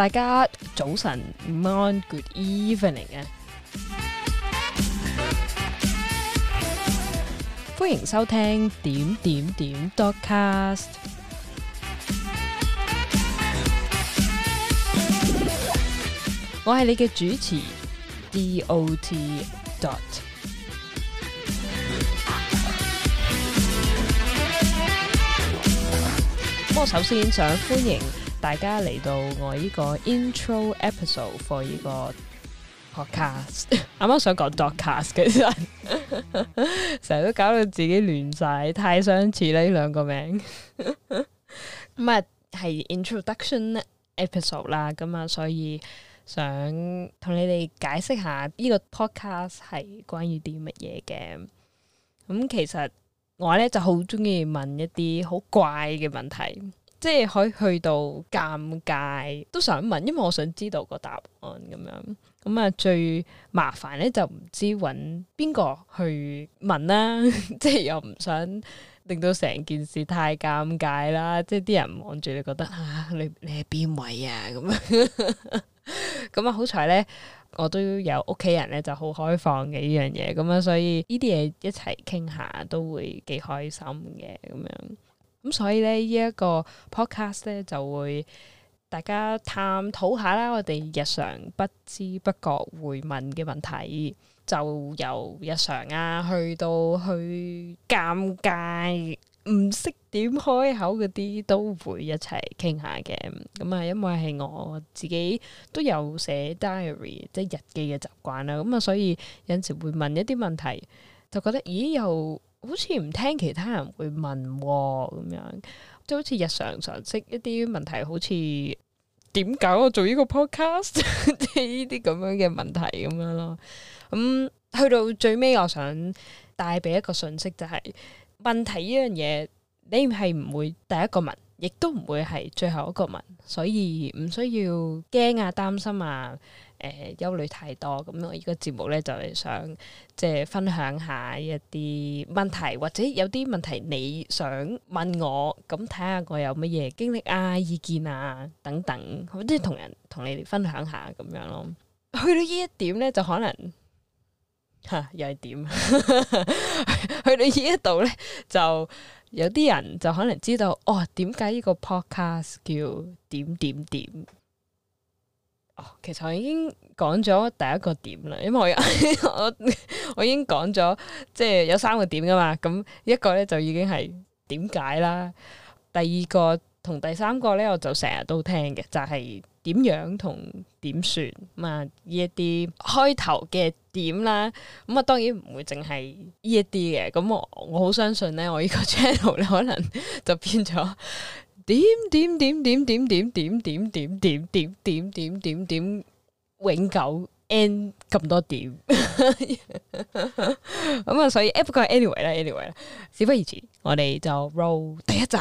大家早晨，Good evening 啊！歡迎收聽點點點 Dotcast，我係你嘅主持 Dot Dot。我首先想歡迎，大家嚟到我呢個 intro episode for 呢個 podcast，啱啱 想講 Dotcast 其實成日都搞到自己亂晒，太相似啦！呢兩個名咁係係、 嗯、introduction episode 啦，咁、嗯、啊，所以想同你哋解釋下呢個 podcast 係關於啲乜嘢嘅。咁、嗯、其實我咧就好中意問一啲好怪嘅問題。即係可以去到尷尬，都想問，因為我想知道個答案咁樣。咁啊，最麻煩咧就唔知揾邊個去問啦。 即係又唔想令到成件事太尷尬啦。即係啲人望住你，覺得啊，你你係邊位啊？咁樣咁啊， 好彩咧，我都有屋企人咧，就好開放嘅呢樣嘢。咁樣，所以呢啲嘢一齊傾下都會幾開心嘅咁樣。咁所以咧，這個、呢一個 podcast 咧就會大家探討下啦。我哋日常不知不覺會問嘅問題，就由日常啊，去到去尷尬，唔識點開口嗰啲，都會一齊傾下嘅。咁、嗯、啊，因為係我自己都有寫 diary，即係日記嘅習慣啦。咁、嗯、啊，所以有時會問一啲問題，就覺得咦又～好似唔聽其他人會問咁、哦、樣，即係好似日常常識一啲問題，好似點解我做呢個 podcast 呢 啲咁樣嘅問題咁樣咯。咁、嗯、去到最尾，我想帶俾一個信息，就係、是、問題呢樣嘢，你係唔會第一個問。亦都唔會係最後一個問，所以唔需要驚啊、擔心啊、誒憂慮太多。咁我依個節目咧就係、是、想即係分享一下一啲問題，或者有啲問題你想問我，咁睇下我有乜嘢經歷啊、意見啊等等，好，即係同人同你哋分享下咁樣咯。去到呢一點咧，就可能吓又係點？ 去到一呢一度咧就。有啲人就可能知道哦，點解呢個 podcast 叫點點點？哦，其實我已經講咗第一個點啦，因為我我 我已經講咗，即係有三個點噶嘛，咁一個咧就已經係點解啦，第二個。同第三個咧，我就成日都聽嘅，就係點樣同點算嘛？呢一啲開頭嘅點啦，咁啊當然唔會淨係呢一啲嘅，咁我我好相信咧，我呢個 channel 咧可能就變咗點點點點點點點點點點點點點點點永久，n 咁多點。咁啊，所以 every 個 anyway 啦，anyway 啦，事不宜遲，我哋就 roll 第一集。